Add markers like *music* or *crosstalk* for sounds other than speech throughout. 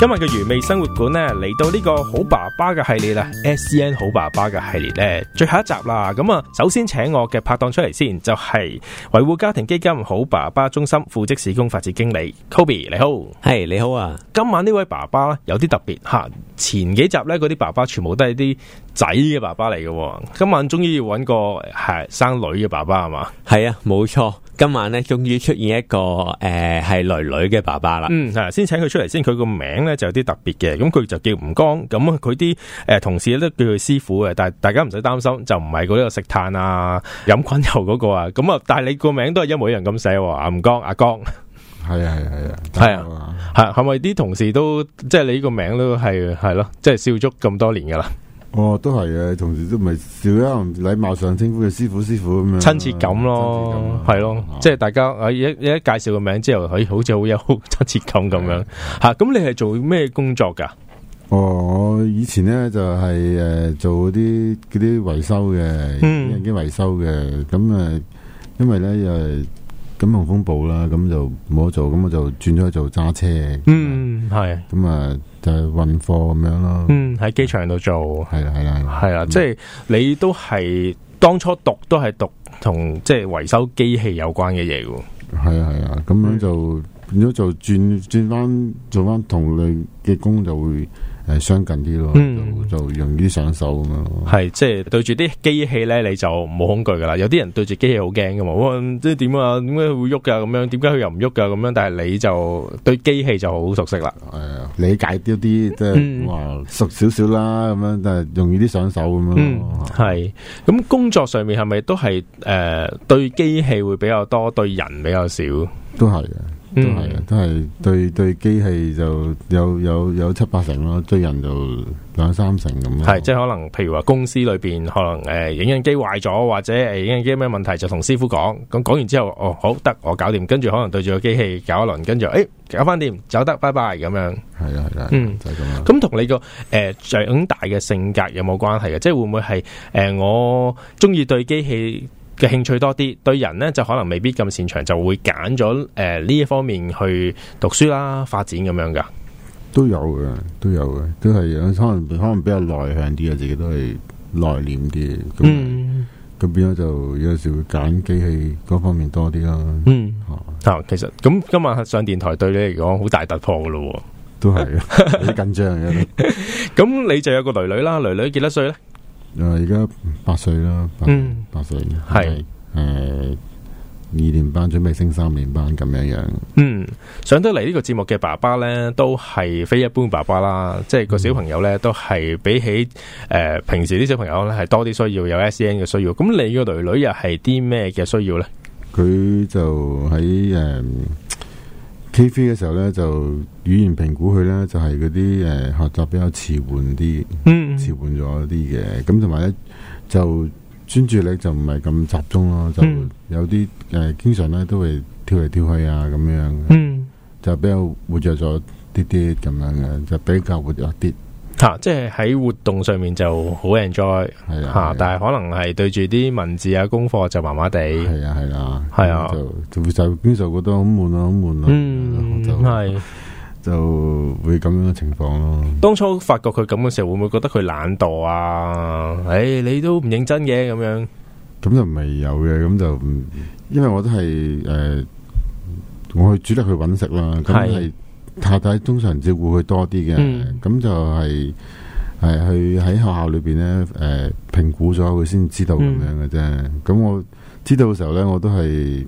今日嘅愚味生活館咧嚟到呢個好爸爸嘅系列啦，SCN 好爸爸嘅系列呢，最後一集啦。咁啊，首先請我嘅拍檔出嚟先，就係維護家庭基金好爸爸中心副職事工發展經理 Kobe，你好，係、hey, 你好啊。今晚呢位爸爸有啲特別吓，前幾集呢嗰啲爸爸全部都係啲仔嘅爸爸嚟嘅、哦，今晚終於要揾個係、啊、生女嘅爸爸係嘛？係啊，冇錯。今晚咧，終於出現一個誒係、呃、女女嘅爸爸啦。嗯，係先請佢出嚟先。佢個名咧就有啲特別嘅，咁佢就叫吳剛。咁佢啲誒同事都叫佢師傅嘅，但係大家唔使擔心，就唔係嗰個食炭啊、飲菌油嗰個啊。咁啊，但係你個名都係一模一樣咁寫，吳剛阿剛。係啊係啊係啊，係啊係，係咪啲同事都即係你呢個名都係係咯，即係笑足咁多年噶啦。哦，都係嘅，同時都唔係少一禮貌上稱呼佢師傅師傅咁樣親切感咯，係咯，咯即係大家一一介紹個名之後，可以好似好有親切感咁樣吓。咁的、啊、你係做咩工作噶？哦，我以前咧就係、是、誒、呃、做啲嗰啲維修嘅，啲人機維修嘅。咁、嗯、誒，因為咧又係金融風暴啦，咁就冇得做，咁我就轉咗去做揸車。嗯。係，咁啊是就運貨咁樣咯。嗯，喺機場度做，係啦係啦，係啦，的的即係你都係當初讀都係讀同即係維修機器有關嘅嘢噶。係啊係啊，咁樣就變咗、嗯、就轉轉翻做翻同類嘅工就會。係相近啲咯，嗯，就，就容易上手咁樣。係即係對住啲機器咧，你就冇恐懼噶啦有啲人對住機器好驚噶嘛，即係點啊？點解會喐噶、啊？咁樣，點解佢又唔喐噶？咁樣，但係你就對機器就好熟悉啦。係啊，哎，理解啲即係話熟少少啦，咁、嗯、樣但係容易啲上手咁樣咯。係咁、嗯、工作上面係咪都係誒、呃、對機器會比較多，對人比較少？都係嘅。嗯，都係對對機器就有有有七八成咯，對人就兩三成咁樣。係即係可能，譬如話公司裡邊可能誒，影印機壞咗或者誒，影印機有咩問題就同師傅講。咁講完之後，哦，好得，我搞掂。跟住可能對住個機器搞一輪，跟住誒搞翻掂，走得拜拜咁樣。係啊係啊，嗯，就係咁樣。咁同你個誒長大嘅性格有冇關係啊？即係會唔會係誒我中意對機器嘅興趣多啲，對人咧就可能未必咁擅長，就會揀咗誒呢一方面去讀書啦、發展咁樣噶。都有嘅，都有嘅，都係有可能，可能比較內向啲啊，自己都係內斂啲嘅。咁咁變咗就有時會揀機器嗰方面多啲啦。嗯，啊，其實咁今日上電台對你嚟講好大突破噶咯，都係是 *laughs* 有啲緊張嘅。咁 *laughs* *laughs* *laughs* 你就有個女女啦，女女幾多歲咧？誒，而家八歲啦，八歲係誒二年班，準備升三年班咁樣樣。嗯，上得嚟呢個節目嘅爸爸呢，都係非一般爸爸啦，即係個小朋友呢，嗯、都係比起誒、呃、平時啲小朋友呢，係多啲需要有 SEN 嘅需要。咁你個囡囡又係啲咩嘅需要呢？佢就喺誒。嗯 TV 嘅時候咧，就語言評估佢咧就係啲誒學習比較遲緩啲，遲緩咗啲嘅。咁同埋咧就專注力就唔係咁集中咯，就有啲誒、呃、經常咧都會跳嚟跳去啊咁樣、mm. 就點點，就比較活躍咗啲啲咁樣嘅，就比較活躍啲。吓、啊，即係喺活動上面就好 enjoy，吓， *noise* 啊啊、但係可能係對住啲文字啊功課就麻麻地，係啊係啊，係啊，啊、嗯、啊，就就就經常覺得好悶啊好悶啊，嗯，係就會咁樣嘅情況咯、嗯。當初發覺佢咁嘅時候，會唔會覺得佢懶惰啊？誒、啊哎，你都唔認真嘅咁樣？咁就唔係有嘅，咁就，唔，因為我都係誒，我去主力去搵食啦，係、啊。太太通常照顧佢多啲嘅。咁就係係去喺學校裏邊咧,誒評估咗佢先知道咁樣嘅啫。咁我知道嘅時候咧，我都係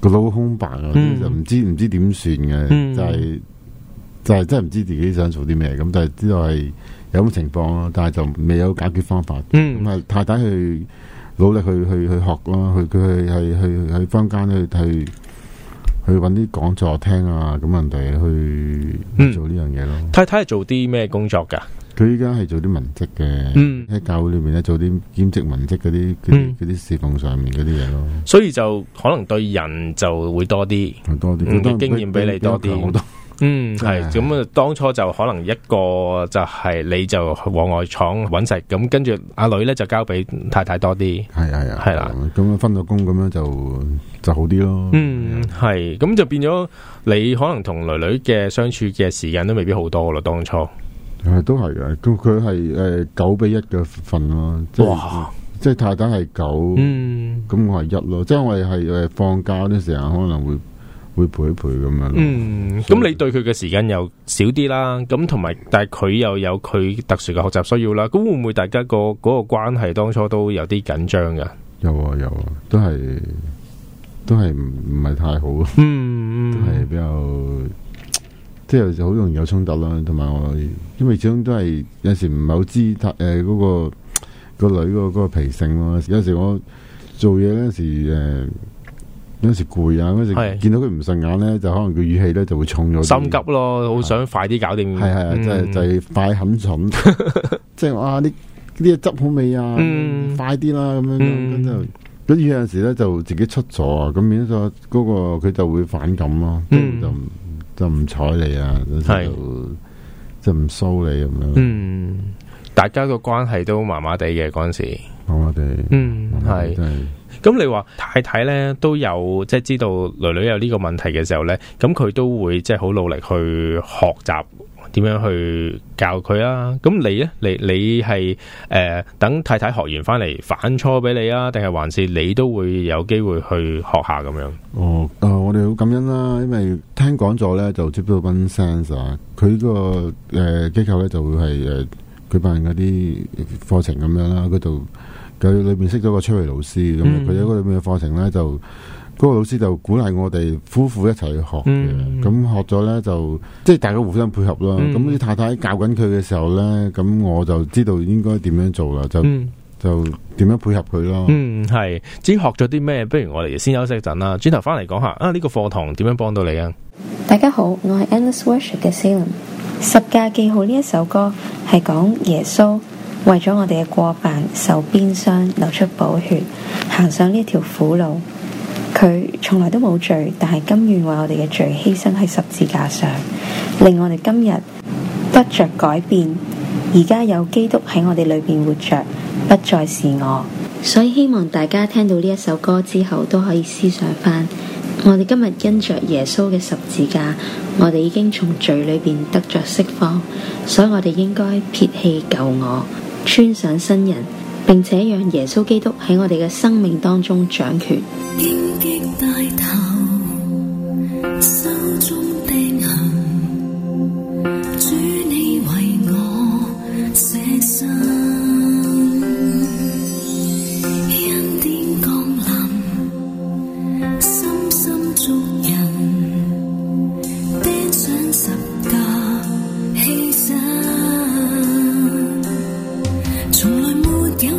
個腦空白啊，就唔知唔知點算嘅，就係就係真係唔知自己想做啲咩，咁就係知道係有咁嘅情況咯，但係就未有解決方法。咁係太太去努力去去去學咯，去佢係係係喺坊間去睇。去搵啲講座聽啊，咁人哋去,去做呢樣嘢咯、嗯。太太係做啲咩工作噶？佢依家係做啲文職嘅，喺、嗯、教會裏面咧做啲兼職文職嗰啲嗰啲侍奉上面嗰啲嘢咯。所以就可能對人就會多啲，多啲，佢啲經驗比你多啲。比比嗯，係咁啊！當初就可能一個就係你就往外廠搵食，咁跟住阿女咧就交俾太太多啲，係啊係啊，係啦，咁樣分咗工咁樣就就好啲咯。嗯，係，咁就變咗你可能同女女嘅相處嘅時間都未必好多咯。當初係都係嘅，佢佢係誒九比一嘅份咯。哇，即係太太係九，咁我係一咯。即係我係誒放假嘅時候可能會。會陪一陪咁樣咯。嗯，咁以你對佢嘅時間又少啲啦，咁同埋，但係佢又有佢特殊嘅學習需要啦。咁會唔會大家個嗰個關係當初都有啲緊張㗎？有啊有啊，都係都係唔唔係太好啊。嗯，都係 *laughs* 比較即係就好，是，容易有衝突啦。同埋我，因為始終都係有時唔係好知，誒個個女個個脾性咯。有時，呃那個那個那個，有時我做嘢嗰時，誒、呃。有陣時攰啊！嗰時見到佢唔順眼咧，就可能佢語氣咧就會重咗，心急咯，好想快啲搞掂。係係，就係就係快狠準，即係啊！呢啲嘢執好未啊？快啲啦！咁樣跟住有陣時咧就自己出咗，咁變咗嗰個佢就會反感咯，就就唔睬你啊！就就唔收你咁樣。嗯，大家個關係都麻麻地嘅嗰陣時，麻麻地。嗯，係。咁你話太太咧都有即係知道女女有呢個問題嘅時候咧，咁佢都會即係好努力去學習點樣去教佢啊！咁你咧，你你係誒、呃、等太太學完翻嚟反錯俾你啊，定係還是你都會有機會去學下咁樣？哦，誒、呃，我哋好感恩啦，因為聽講咗咧就接到 One Sense，啊。佢、個誒機、呃、構咧就會係誒舉辦嗰啲課程咁樣啦，度。佢裏面識咗個出位老師，咁佢有嗰裏面嘅課程咧，就嗰、那個老師就鼓勵我哋夫婦一齊去學嘅，咁、嗯、學咗咧就即係大家互相配合咯。咁啲、嗯嗯、太太教緊佢嘅時候咧，咁我就知道應該點樣做啦，就、嗯、就點樣配合佢咯。嗯，係，至於學咗啲咩，不如我哋先休息一陣啦，轉頭翻嚟講下啊，呢、這個課堂點樣幫到你啊？大家好，我係 Endless Worship 嘅 Celine《十架記號》呢一首歌係講耶穌。為咗我哋嘅過犯受鞭傷流出寶血，行上呢一條苦路，佢從來都冇罪，但係甘願為我哋嘅罪犧牲喺十字架上，令我哋今日得着改變。而家有基督喺我哋裏邊活着，不再是我。所以希望大家聽到呢一首歌之後，都可以思想翻，我哋今日因着耶穌嘅十字架，我哋已經從罪裏邊得着釋放，所以我哋應該撇棄舊我。穿上新人，並且讓耶穌基督在我哋嘅生命當中掌權。 *noise*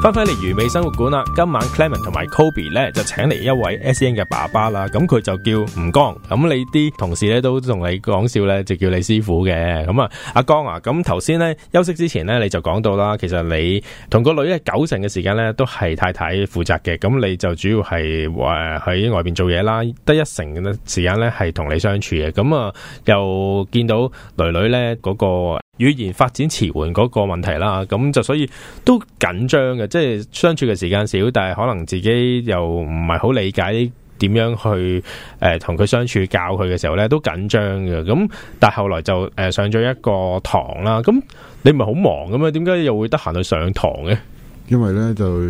翻返嚟愉美生活館啦，今晚 Clement 同埋 Kobe 咧就請嚟一位 SEN 嘅爸爸啦，咁佢就叫吳剛，咁你啲同事咧都同你講笑咧就叫你師傅嘅，咁啊阿剛啊，咁頭先咧休息之前咧你就講到啦，其實你同個女咧九成嘅時間咧都係太太負責嘅，咁你就主要係誒喺外邊做嘢啦，得一成嘅時間咧係同你相處嘅，咁啊又見到女女咧嗰個。語言發展遲緩嗰個問題啦，咁就所以都緊張嘅，即係相處嘅時間少，但係可能自己又唔係好理解點樣去誒同佢相處，教佢嘅時候呢都緊張嘅。咁但係後來就誒、呃、上咗一個堂啦，咁你唔係好忙咁啊？點解又會得閒去上堂嘅？因為呢就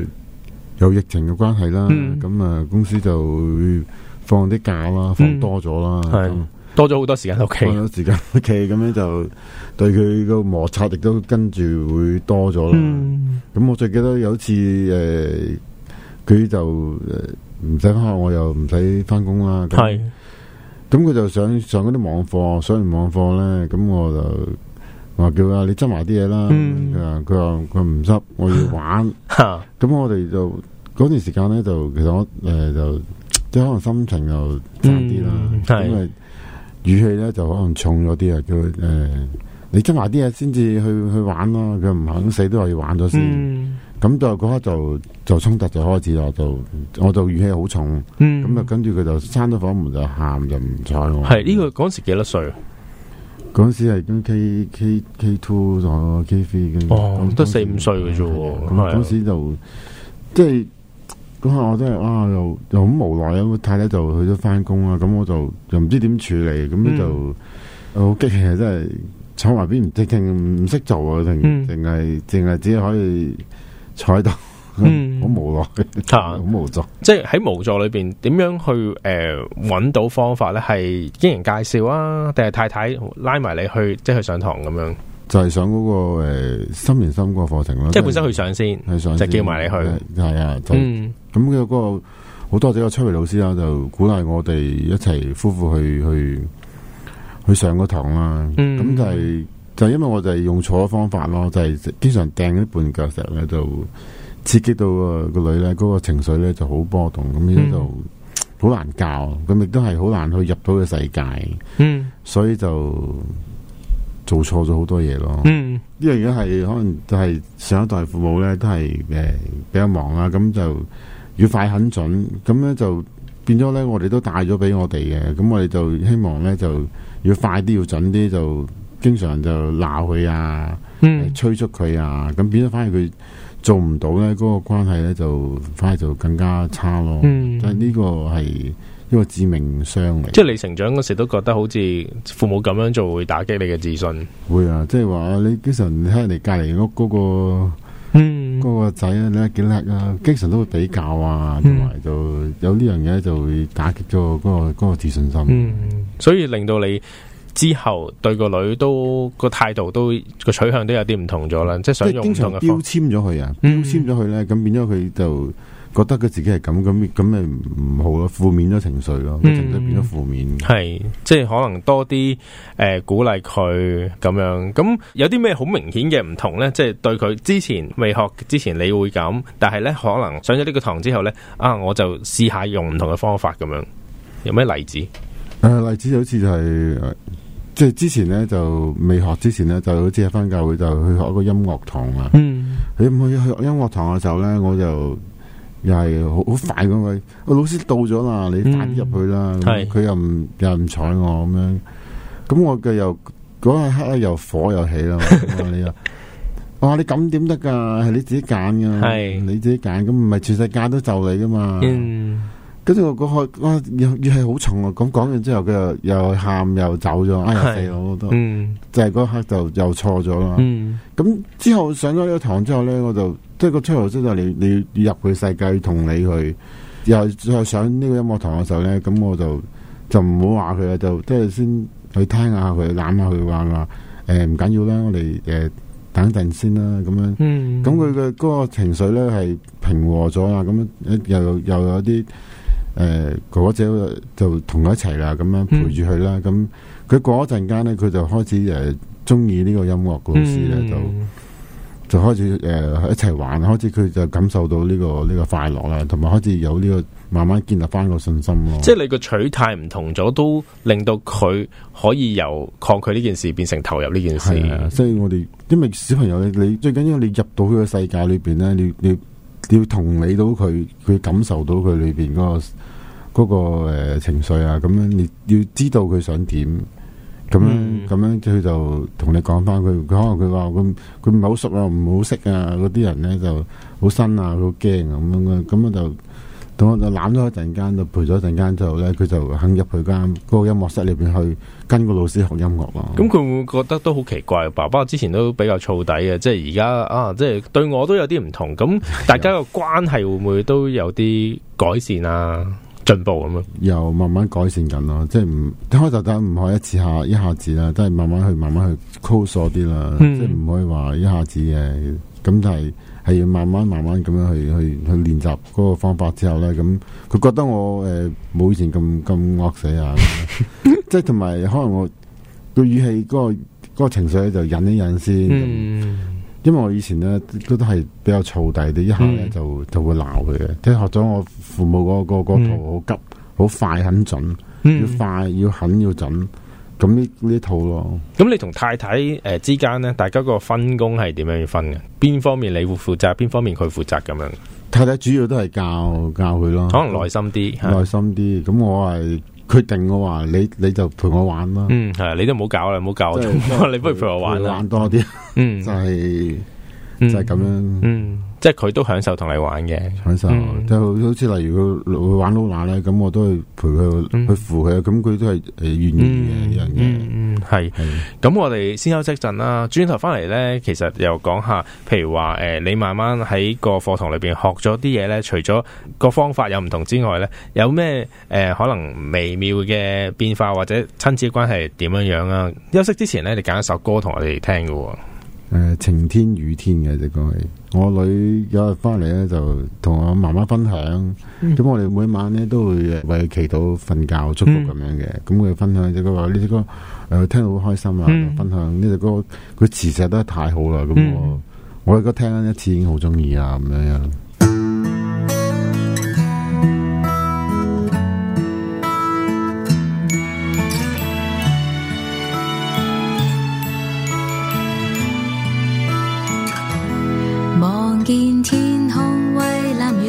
有疫情嘅關係啦，咁啊、嗯嗯、公司就會放啲假啦，放多咗啦。嗯那，係。多咗好多時間喺屋企，okay. 多咗時間喺屋企咁樣，就對佢個摩擦力都跟住會多咗啦。咁、嗯、我最記得有一次誒，佢、呃、就唔使翻學，我又唔使翻工啦。係，咁佢是就上上嗰啲網課，上完網課咧，咁我就話叫啊，你執埋啲嘢啦。佢話佢話佢唔執，我要玩。咁 *laughs* 我哋就嗰段時間咧，就其實我誒、呃、就即係可能心情又差啲啦，嗯、因為。語氣咧就可能重咗啲啊，佢、誒、呃，你執埋啲嘢，先至去去玩咯，佢唔肯，死都可以玩咗先，咁就嗰刻就就衝突就開始咯，我就我就語氣好重，咁啊、嗯、跟住佢就閂咗房門就喊就唔睬我。係呢、呢個嗰時幾多歲？嗰時係跟 K K K two 同 K three，咁，哦，得那那四五歲嘅啫，咁嗰的時就即係。咁下我真係啊，又又好無奈啊！太太就去咗翻工啦，咁我就又唔知點處理，咁就好激氣啊！真係坐埋邊唔識傾，唔識做啊，定定係淨係只可以坐喺度，好無奈，吓，好無助。即係喺無助裏邊，點樣去誒搵到方法咧？係經人介紹啊，定係太太拉埋你去，即係去上堂咁樣？就係上嗰個誒心連心個課程咯。即係本身去上先，係上就叫埋你去，係啊，咁佢嗰個好多謝個出位老師啦，就鼓勵我哋一齊夫婦去去去上個堂啦。咁、嗯、就係、是、就是、因為我就係用錯方法咯，就係、是、經常掟一半腳石咧，就刺激到個，個女咧，嗰、那個情緒咧就好波動。咁咧就好難教，咁亦、嗯、都係好難去入到個世界。嗯，所以就做錯咗好多嘢咯。嗯，呢樣嘢係可能就係上一代父母咧都係誒比較忙啦，咁就。要快很準，咁咧就變咗咧，我哋都帶咗俾我哋嘅。咁我哋就希望咧就要快啲，要準啲，就經常就鬧佢啊，嗯、催促佢啊，咁變咗反而佢做唔到咧，嗰、嗰個關係咧就反而就更加差咯。嗯、但係呢個係一個致命傷嚟，即係你成長嗰時都覺得好似父母咁樣做會打擊你嘅自信，會啊，即係話你經常你人哋隔籬屋嗰個。嗰個仔咧，你幾叻啦，經常都會比較啊，同埋、嗯、就有呢樣嘢就會打擊咗嗰、嗰個嗰個自信心、嗯。所以令到你之後對個女都、嗰個態度都、嗰個取向都有啲唔同咗啦，即係想用唔同嘅標籤咗佢啊，標籤咗佢咧，咁、嗯、變咗佢就。覺得佢自己係咁咁咁咪唔好咯，負面咗情緒咯，嗯、情緒變咗負面。係即係可能多啲誒、呃、鼓勵佢咁樣。咁有啲咩好明顯嘅唔同咧？即係對佢之前未學之前你會咁，但係咧可能上咗呢個堂之後咧啊，我就試下用唔同嘅方法咁樣。有咩例子？誒、呃，例子好就好似就係即係之前咧就未學之前咧就好似喺返教會就去學一個音樂堂啊。嗯，你唔去去音樂堂嘅時候咧，我就。又係好好快咁樣，佢老師到咗啦，你返入去啦。佢又唔又唔睬我咁樣，咁我嘅，又嗰一刻又火又起啦。你又，話你咁點得噶？係你自己揀噶，係你自己揀。咁唔係全世界都就你噶嘛？嗯。跟住我嗰刻語氣係好重啊！咁講完之後，佢又又喊又走咗，哎呀死咗好多。嗯，就係嗰刻就又錯咗啦。嗯。咁之後上咗呢個堂之後咧，我就。即係、那個 teacher 即係你你入去世界同你去，又再上呢個音樂堂嘅時候咧，咁我就就唔好話佢啊，就，就即係先去聽下佢攬下佢話話，誒唔緊要啦，我哋誒、呃、等陣先啦，咁樣。嗯。咁佢嘅嗰個情緒咧係平和咗啊，咁又又有啲誒、呃、哥哥姐就同佢一齊啦，咁樣陪住佢啦。咁佢、嗯嗯、過一陣間咧，佢就開始誒中意呢個音樂老師咧、嗯嗯、就。就就開始誒、呃、一齊玩，開始佢就感受到呢、呢個呢、呢個快樂啦，同埋開始有呢、呢個慢慢建立翻個信心咯。即係你個取態唔同咗，都令到佢可以由抗拒呢件事變成投入呢件事。係啊，所以我哋因為小朋友你，你最緊要你入到佢嘅世界裏邊咧，你你要，你要同理到佢，佢感受到佢裏邊嗰、嗰個、嗰個誒、呃、情緒啊，咁樣你要知道佢想點。咁、嗯、樣咁樣，佢就同你講翻佢，佢可能佢話佢佢唔係好熟啊，唔好識啊，嗰啲人咧就好新啊，好驚咁樣嘅，咁啊就咁啊就攬咗一陣間，就陪咗一陣間，之後咧佢就肯入去間嗰個音樂室裏邊去跟個老師學音樂咯、啊。咁佢會唔會覺得都好奇怪，爸爸之前都比較燥底嘅，即係而家啊，即係對我都有啲唔同。咁大家嘅關係會唔會都有啲改善啊？進步咁樣，又慢慢改善緊咯。即係唔開頭就唔可以一次一下一下子啦，都係慢慢去慢慢去 close 啲啦，嗯、即係唔可以話一下子誒咁就係，係要慢慢慢慢咁樣去去去練習嗰個方法之後咧，咁佢覺得我誒冇，呃、以前咁咁惡死下、啊， *laughs* *laughs* 即係同埋可能我語氣、那個語氣嗰個個情緒就忍一忍先。嗯因為我以前咧都都係比較燥底，你一下咧就就會鬧佢嘅。即係學咗我父母、嗰個，嗰個個好、嗯、急，好快，很準，嗯，要快，要狠，要準。咁呢呢套咯。咁你同太太誒、呃、之間咧，大家個分工係點樣去分嘅？邊方面你會負責，邊方面佢負責咁樣？太太主要都係教教佢咯，可能耐心啲，嗯，耐心啲。咁我係。決定嘅話，你你就陪我玩啦。嗯，係，你都唔好搞啦，唔好搞。我做啦。 *laughs* 你不如陪我玩，陪我玩多啲。嗯， *laughs* 就係、係嗯、就係咁樣。嗯。即係佢都享受同你玩嘅，享受、嗯、就好似例如佢玩老乸咧，咁、嗯、我都係陪佢去扶佢，咁佢都係誒願意嘅人嗯，係，咁、嗯嗯、是我哋先休息陣啦，轉頭翻嚟咧，其實又講下，譬如話誒、呃，你慢慢喺個課堂裏邊學咗啲嘢咧，除咗個方法有唔同之外咧，有咩誒、呃、可能微妙嘅變化或者親子關係點樣樣啊？休息之前咧，你揀一首歌同我哋聽㗎。誒、呃，晴天雨天嘅隻歌係，我女有日翻嚟咧就同我媽媽分享，咁、嗯嗯、我哋每晚咧都會為佢祈禱瞓覺祝福咁樣嘅，咁佢分享隻歌話呢隻歌誒，聽到好開心啊，嗯、分享呢隻、這個、歌佢詞寫得太好啦，咁我、嗯、我喺度聽一次已經好中意啊，咁樣樣。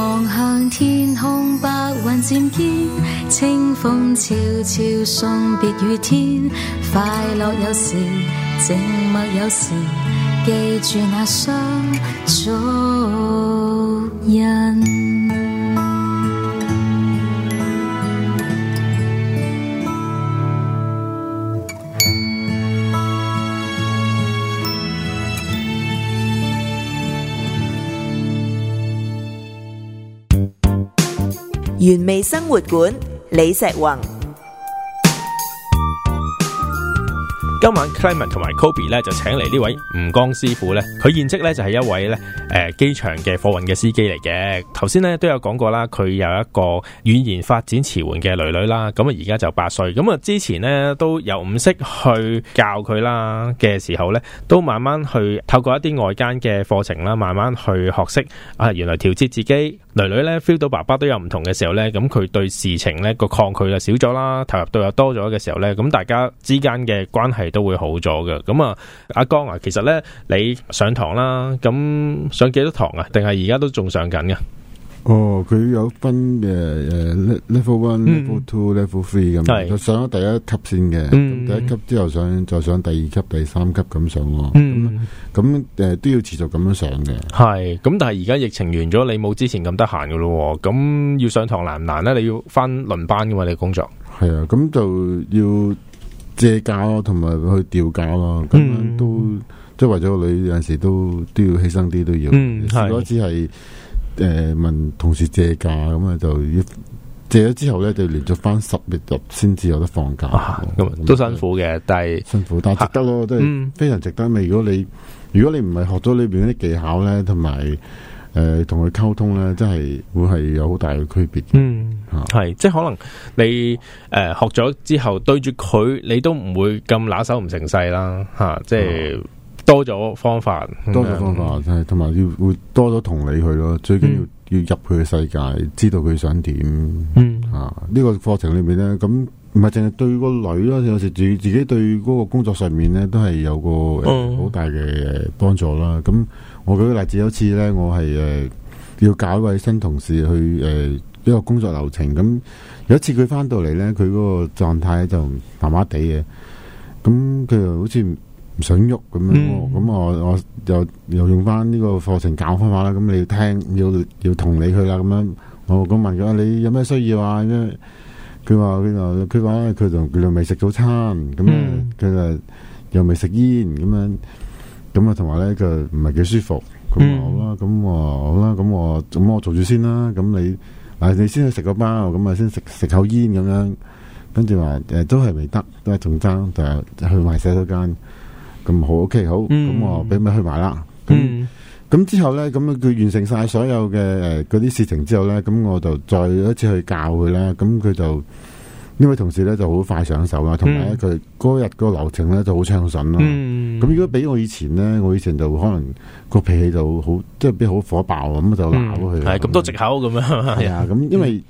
望向天空，白雲漸遠，清風悄悄送別雨天。快樂有時，靜默有時，記住那雙足印。原味生活館李石宏，今晚 Clayton 同埋 Kobe 咧就請嚟呢位吳剛師傅咧，佢現職咧就係、是、一位咧。誒，機場嘅貨運嘅司機嚟嘅，頭先咧都有講過啦，佢有一個語言發展遲緩嘅女女啦，咁啊而家就八歲，咁啊之前呢，都又唔識去教佢啦嘅時候呢，都慢慢去透過一啲外間嘅課程啦，慢慢去學識啊，原來調節自己女女呢 feel 到爸爸都有唔同嘅時候呢，咁佢對事情呢個抗拒就少咗啦，投入度又多咗嘅時候呢，咁大家之間嘅關係都會好咗嘅，咁啊阿剛啊，其實呢，你上堂啦，咁。上幾多堂啊？定係而家都仲上緊嘅？哦，佢有分誒誒 level one、level two、嗯、2 2, level three 咁的，就上咗第一級先嘅，嗯、第一級之後上，再上第二級、第三級咁上咯。咁誒、嗯呃、都要持續咁樣上嘅。係。咁但係而家疫情完咗，你冇之前咁得閒噶咯。咁要上堂難唔難咧？你要返輪班噶嘛？你工作係啊。咁就要借假咯，同埋去調假咯。咁樣、嗯嗯、都。即係為咗個女，有陣時都都要犧牲啲，都要。如果只係誒問同事借假咁啊，就要借咗之後咧，就連續翻十月入先至有得放假。都辛苦嘅，但係辛苦但係值得咯，即係非常值得。咪如果你如果你唔係學咗裏邊啲技巧咧，同埋誒同佢溝通咧，真係會係有好大嘅區別。嗯，係，即係可能你誒學咗之後，對住佢你都唔會咁拿手唔成勢啦，吓，即係。多咗方法，嗯、多咗方法，同埋、嗯、要會多咗同理去咯，最緊要、嗯、要入佢嘅世界，知道佢想點。嗯，啊、呢、這個課程裏面咧，咁唔係淨係對個女咯，有時自自己對嗰個工作上面咧，都係有個好、呃、大嘅幫助啦。咁、嗯、我舉個例子，有次咧，我係誒、呃、要搞一位新同事去誒、呃、一個工作流程。咁有一次佢翻到嚟咧，佢嗰個狀態就麻麻地嘅，咁佢又好似。唔想喐咁樣，咁我、嗯 oh, 嗯、我又又用翻呢個課程教方法啦。咁你要聽，要要同你去啦。咁樣我咁問佢話，你有咩需要啊？咁樣佢話佢話佢話佢就佢就未食早餐，咁啊佢就又未食煙，咁、嗯嗯、樣咁啊，同埋咧佢唔係幾舒服。佢話好啦，咁我好啦，咁我咁我做住先啦。咁、嗯、你啊，你先去食個包，咁啊先食食口煙，咁樣跟住話誒，都係未得，都係仲爭，就去埋洗手間。咁好，OK 好，咁、嗯、我俾佢去買啦。咁咁之後咧，咁佢完成晒所有嘅誒嗰啲事情之後咧，咁我就再一次去教佢咧。咁佢就呢位同事咧就好快上手喇，同埋佢嗰日個流程咧就好暢順咯。咁、嗯、如果俾我以前咧，我以前就可能個脾氣就好，即係變好火爆咁就鬧佢。係咁、嗯、樣多藉口咁樣。係 *laughs* 啊，咁因為、嗯。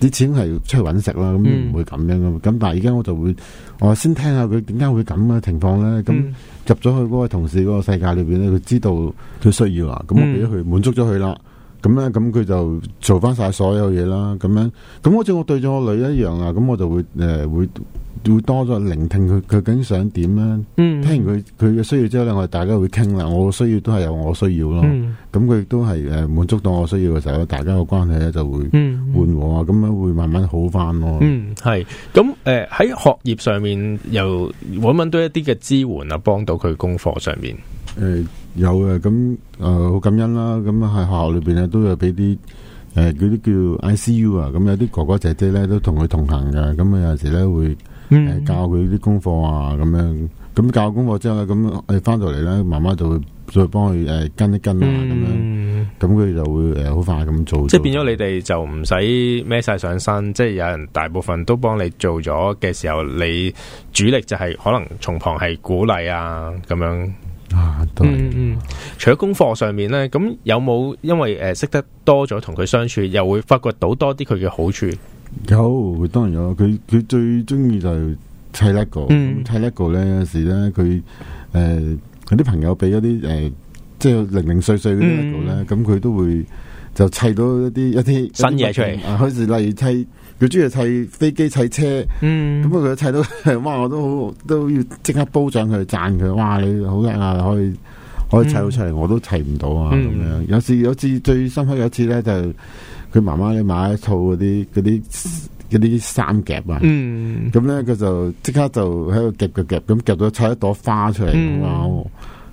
啲錢係出去搵食啦，咁唔會咁樣噶。咁、嗯、但係而家我就會，我先聽下佢點解會咁嘅情況咧。咁入咗去嗰個同事嗰個世界裏邊咧，佢知道佢需要啊，咁我俾咗佢滿足咗佢啦。咁咧，咁佢就做翻晒所有嘢啦。咁樣，咁好似我對咗我女一樣啊。咁我就會誒，會會多咗聆聽佢，佢想點啦。聽完佢佢嘅需要之後咧，我哋大家會傾啦。我嘅需要都係有我需要咯。咁佢亦都係誒，滿足到我需要嘅時候，大家個關係咧就會緩和啊。咁樣會慢慢好翻咯。嗯，係。咁誒喺學業上面，又搵揾到一啲嘅支援啊，幫到佢功課上面。誒、欸，有嘅咁誒，好、嗯、感恩啦。咁喺學校裏邊咧，都有俾啲誒，嗰、呃、啲叫，叫，叫 ICU 啊。咁、嗯、有啲哥哥姐姐咧，都同佢同行嘅。咁、嗯、有陣時咧會誒、呃、教佢啲功課啊，咁樣。咁、嗯嗯、教功課之後咧，咁誒翻到嚟咧，媽媽就會再幫佢誒跟一跟啊，咁樣。咁、嗯、佢、嗯嗯、就會誒好快咁做。即係變咗你哋就唔使孭晒上身，嗯、即係有人大部分都幫你做咗嘅時候，你主力就係可能從旁係鼓勵啊，咁樣。啊，嗯嗯，除咗功課上面咧，咁有冇因為誒識得多咗同佢相處，又會發掘到多啲佢嘅好處？有，當然有。佢佢最中意就係砌 Lego，嗯嗯、砌 Lego 咧有時咧，佢誒佢啲朋友俾一啲誒、呃、即係零零碎碎嘅 Lego 咧，咁佢、嗯、都會就砌到一啲一啲新嘢出嚟，開始例如砌。佢中意砌飛機、砌車，咁啊佢一砌到，哇！我都好都，都要即刻褒獎佢、讚佢。哇！你好叻啊，可以可以砌到出嚟，嗯、我都砌唔到啊。咁樣、嗯、有，有次有次最深刻，有一次咧就佢媽媽咧買一套嗰啲嗰啲嗰啲衫夾嘛，咁咧佢就即刻就喺度夾夾夾，咁夾咗砌一朵花出嚟，哇、嗯！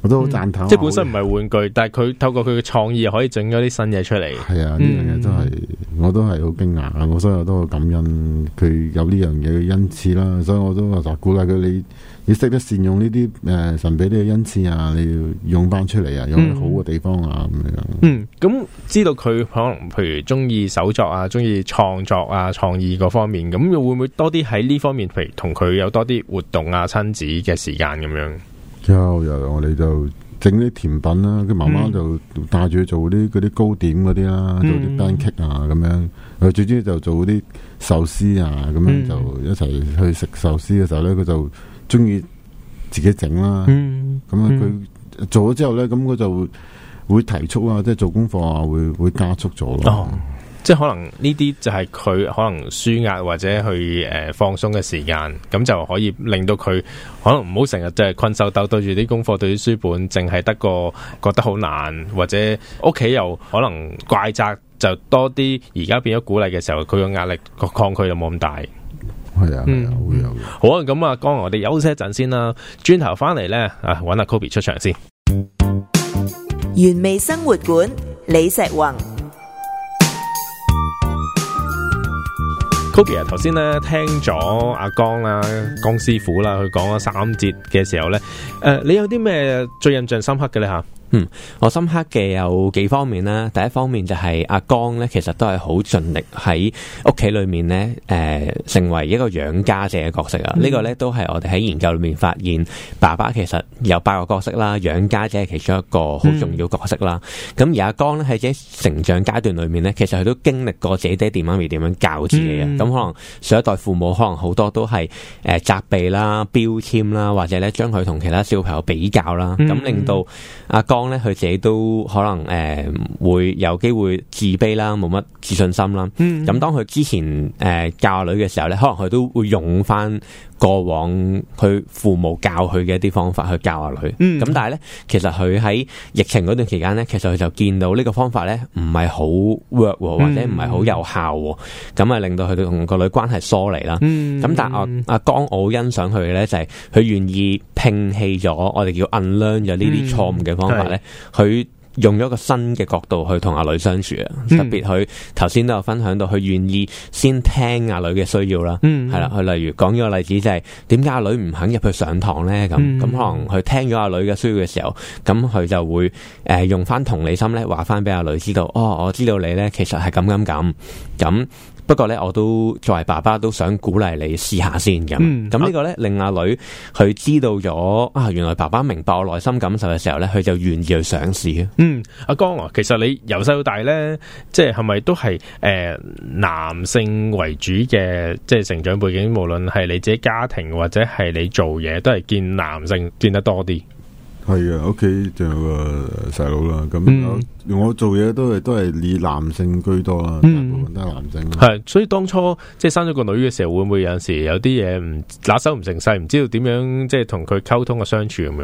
我都好讚、嗯、即係本身唔係玩具，但係佢透過佢嘅創意，可以整咗啲新嘢出嚟。係啊，呢、嗯、樣嘢真係我都係好驚訝，所以我都好感恩佢有呢樣嘢嘅恩賜啦。所以我都話就鼓勵佢你，你識得善用呢啲誒神俾你嘅恩賜啊，你要用翻出嚟啊，用喺好嘅地方啊咁、嗯、樣。嗯，咁知道佢可能譬如中意手作啊，中意創作啊，創意嗰方面，咁會唔會多啲喺呢方面，譬如同佢有多啲活動啊、親子嘅時間咁樣？之後又我哋就整啲甜品啦，佢媽媽就帶住去做啲嗰啲糕點嗰啲啦，做啲班戟啊咁樣。佢最主要就做啲壽司啊，咁樣就一齊去食壽司嘅時候咧，佢就中意自己整啦。咁啊，佢做咗之後咧，咁佢就會提速啊，即係做功課啊，會會加速咗咯。Oh. 即係可能呢啲就係佢可能舒壓或者去誒、呃、放鬆嘅時間，咁就可以令到佢可能唔好成日就係困獸鬥對住啲功課、對住書本，淨係得個覺得好難，或者屋企又可能怪責就多啲。而家變咗鼓勵嘅時候，佢個壓力個抗拒又冇咁大。係啊，啊，啊，會有、嗯、好啊，咁啊，剛我哋休息一陣先啦，轉頭翻嚟呢，啊，搵阿 Kobe、啊、出場先。原味生活館李石宏。Kobe 啊，頭先咧聽咗阿江啦，江師傅啦，佢講咗三節嘅時候呢，誒、呃，你有啲咩最印象深刻嘅咧嚇？嗯，我深刻嘅有幾方面啦。第一方面就係、是、阿剛咧，其實都係好盡力喺屋企裏面咧，誒、呃，成為一個養家者嘅角色啊。嗯、個呢個咧都係我哋喺研究裏面發現，爸爸其實有八個角色啦，養家者係其中一個好重要角色啦。咁、嗯、而阿剛咧喺自己成長階段裏面咧，其實佢都經歷過自己爹哋媽咪點樣教自己啊。咁、嗯、可能上一代父母可能好多都係誒、呃、責備啦、標籤啦，或者咧將佢同其他小朋友比較啦，咁、嗯、令到阿剛。咧佢自己都可能誒、呃、會有機會自卑啦，冇乜自信心啦。咁、嗯、當佢之前誒、呃、教女嘅時候咧，可能佢都會用翻。過往佢父母教佢嘅一啲方法去教阿女，咁、嗯、但係呢，其實佢喺疫情嗰段期間呢，其實佢就見到呢個方法呢，唔係好 work，或者唔係好有效，咁啊、嗯、令到佢哋同個女關係疏離啦。咁、嗯、但係阿江，我好欣賞佢嘅呢，就係佢願意摒棄咗我哋叫 unlearn 咗呢啲錯誤嘅方法呢。佢、嗯。用咗一個新嘅角度去同阿女相處啊，特別佢頭先都有分享到，佢願意先聽阿女嘅需要啦，嗯、係啦，佢例如講咗個例子就係點解阿女唔肯入去上堂咧？咁咁可能佢聽咗阿女嘅需要嘅時候，咁佢就會誒、呃、用翻同理心咧，話翻俾阿女知道，哦，我知道你咧其實係咁咁咁咁。不過咧，我都作為爸爸都想鼓勵你試下先咁。咁呢、嗯、個呢，令阿女佢知道咗啊，原來爸爸明白我內心感受嘅時候呢，佢就願意去嘗試嘅。嗯，阿剛、啊、其實你由細到大呢，即係係咪都係誒、呃、男性為主嘅，即、就、係、是、成長背景，無論係你自己家庭或者係你做嘢，都係見男性見得多啲。係啊，屋企仲有個細佬啦。咁、嗯、我做嘢都係都係以男性居多啦，嗯、大部分都係男性。係，所以當初即係生咗個女嘅時候，會唔會有陣時有啲嘢唔拿手唔成勢，唔知道點樣即係同佢溝通啊相處咁樣？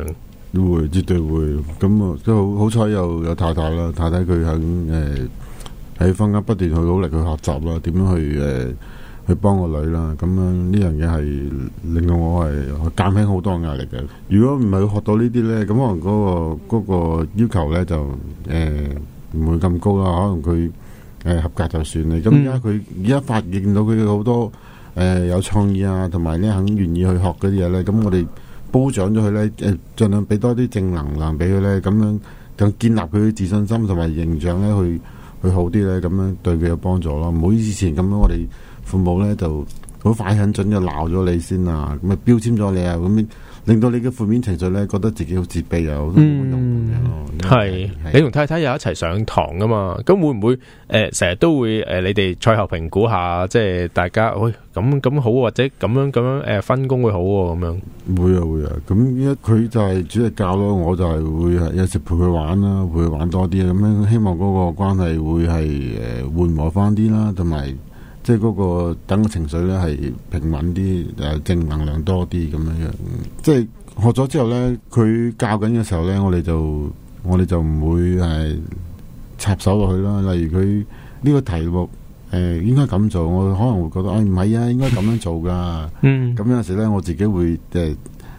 會，絕對會。咁啊，都好，好彩又有太太啦。太太佢喺誒喺婚間不斷去努力去學習啦，點樣去誒。呃去幫個女啦，咁樣呢樣嘢係令到我係減輕好多壓力嘅。如果唔係學到呢啲咧，咁可能嗰個嗰個要求咧就誒唔會咁高啦。可能佢誒合格就算啦。咁而家佢而家發現到佢好多誒有創意啊，同埋咧肯願意去學嗰啲嘢咧，咁我哋褒獎咗佢咧，誒盡量俾多啲正能量俾佢咧，咁樣咁建立佢嘅自信心同埋形象咧，去去好啲咧，咁樣對佢有幫助咯。唔好意思，以前咁樣我哋。父母咧就好快狠準就鬧咗你先啊，咁啊標籤咗你啊，咁令到你嘅負面情緒咧，覺得自己好自卑啊，嗯，係你同太太又一齊上堂噶嘛，咁會唔會誒成日都會誒、呃、你哋賽後評估下，即係大家喂咁咁好或者咁樣咁樣誒、呃、分工會好喎、啊、咁樣會、啊，會啊會啊，咁依家佢就係主要教咯，我就係會有時陪佢玩啦，陪佢玩多啲啊，咁樣希望嗰個關係會係誒緩和翻啲啦，同埋。即係、那、嗰個等個情緒咧係平穩啲，誒、呃、正能量多啲咁樣樣。嗯、即係學咗之後咧，佢教緊嘅時候咧，我哋就我哋就唔會係插手落去啦。例如佢呢個題目誒、呃、應該咁做，我可能會覺得哎唔係啊，應該咁樣做噶。嗯，咁有陣時咧，我自己會誒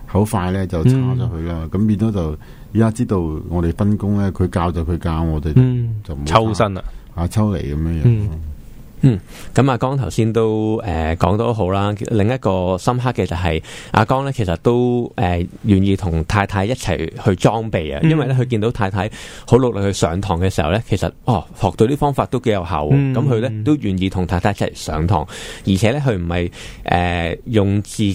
口、呃、快咧就插落去啦，咁、嗯、變咗就而家知道我哋分工咧，佢教就佢教，我哋就唔、嗯、抽身啦，啊抽離咁樣樣、嗯。嗯嗯，咁阿剛頭先都誒講、呃、都好啦。另一個深刻嘅就係、是、阿剛咧，其實都誒願、呃、意同太太一齊去裝備啊。因為咧，佢見到太太好努力去上堂嘅時候咧，其實哦，學到啲方法都幾有效。咁佢咧都願意同太太一齊上堂，而且咧佢唔係誒用自己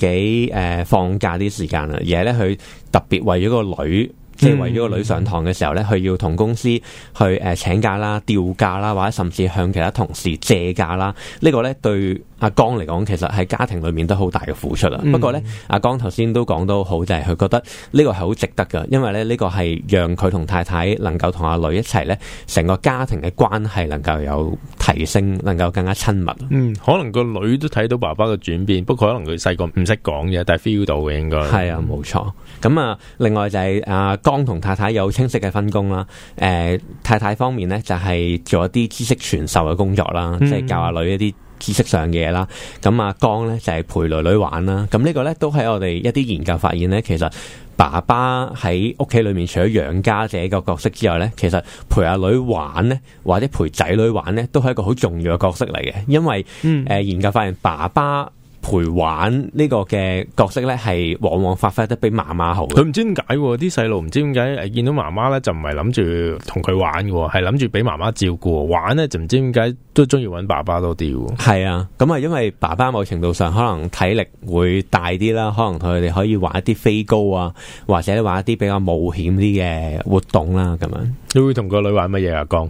誒、呃、放假啲時間啊，而係咧佢特別為咗個女。即係為咗個女上堂嘅時候咧，佢要同公司去誒、呃、請假啦、調假啦，或者甚至向其他同事借假啦。這個、呢個咧對。阿江嚟講，其實喺家庭裏面都好大嘅付出啦。嗯、不過呢，阿江頭先都講到好，就係、是、佢覺得呢個係好值得噶，因為咧呢個係讓佢同太太能夠同阿女一齊呢，成個家庭嘅關係能夠有提升，能夠更加親密。嗯，可能個女都睇到爸爸嘅轉變，不過可能佢細個唔識講嘢，但係 feel 到嘅應該係啊，冇錯。咁啊，另外就係、是、阿、啊、江同太太有清晰嘅分工啦。誒、呃，太太方面呢，就係、是、做一啲知識傳授嘅工作啦，即係、嗯、教阿女一啲。知識上嘅嘢啦，咁、啊、阿江呢，就係、是、陪女女玩啦，咁、啊、呢、這個呢，都喺我哋一啲研究發現呢。其實爸爸喺屋企裏面除咗養家者個角色之外呢，其實陪阿女玩呢，或者陪仔女玩呢，都係一個好重要嘅角色嚟嘅，因為誒、嗯呃、研究發現爸爸陪玩呢個嘅角色咧，係往往發揮得比媽媽好。佢唔知點解、啊，啲細路唔知點解，見到媽媽咧就唔係諗住同佢玩嘅，係諗住俾媽媽照顧。玩咧就唔知點解都中意揾爸爸多啲。係啊，咁係、啊、因為爸爸某程度上可能體力會大啲啦，可能佢哋可以玩一啲飛高啊，或者玩一啲比較冒險啲嘅活動啦。咁樣你會同個女玩乜嘢啊？講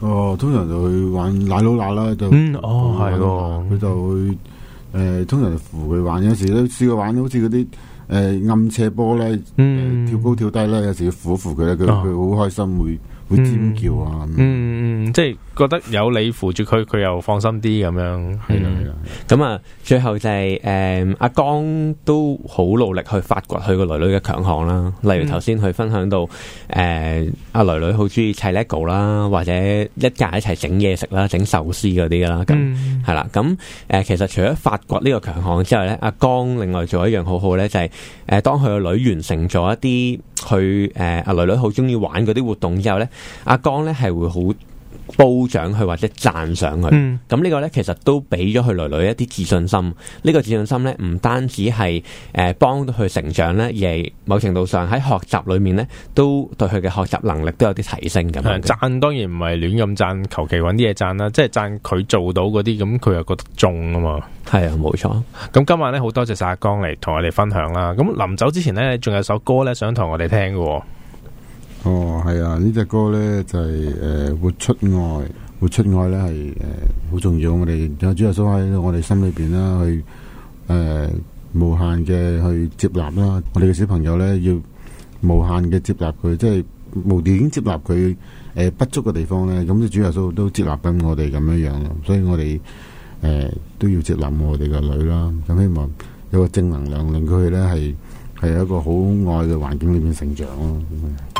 哦，通常就去玩奶佬乸啦。嗯，哦，係咯，佢、啊、就會。嗯誒，通常扶佢玩，有時都試過玩，好似嗰啲誒暗斜波咧，呃，跳高跳低咧，有時要扶扶佢咧，佢佢好開心，會會尖叫啊。即係覺得有你扶住佢，佢又放心啲咁樣。係啊、嗯，咁啊，最後就係、是、誒、嗯，阿剛都好努力去發掘佢個女女嘅強項啦。例如頭先佢分享到誒，阿、呃啊、女女好中意砌 Lego 啦，或者一家一齊整嘢食啦，整壽司嗰啲啦。咁係啦，咁誒、嗯嗯，其實除咗發掘呢個強項之外咧，阿剛另外做一樣好好咧，就係、是、誒、呃，當佢個女完成咗一啲去誒，阿、呃、女女好中意玩嗰啲活動之後咧，阿剛咧係會好，褒獎佢或者讚賞佢，咁呢、嗯、個呢，其實都俾咗佢女女一啲自信心。呢、這個自信心呢，唔單止係誒幫到佢成長呢，而係某程度上喺學習裏面呢，都對佢嘅學習能力都有啲提升咁。讚、嗯、樣當然唔係亂咁讚，求其搵啲嘢讚啦，即係讚佢做到嗰啲，咁佢又覺得中啊嘛。係啊，冇錯。咁今晚呢，好多謝晒阿江嚟同我哋分享啦。咁臨走之前呢，仲有首歌呢，想同我哋聽嘅。哦，係啊！呢隻歌咧就係、是、誒、呃，活出愛，活出愛咧係誒好重要。我哋仲有主耶穌喺我哋心裏邊啦，去誒、呃、無限嘅去接納啦。我哋嘅小朋友咧要無限嘅接納佢，即係無條件接納佢誒、呃、不足嘅地方咧。咁咧主耶穌都接納緊我哋咁樣樣，所以我哋誒、呃、都要接納我哋嘅女啦。咁希望有個正能量，令佢咧係係一個好愛嘅環境裏面成長咯。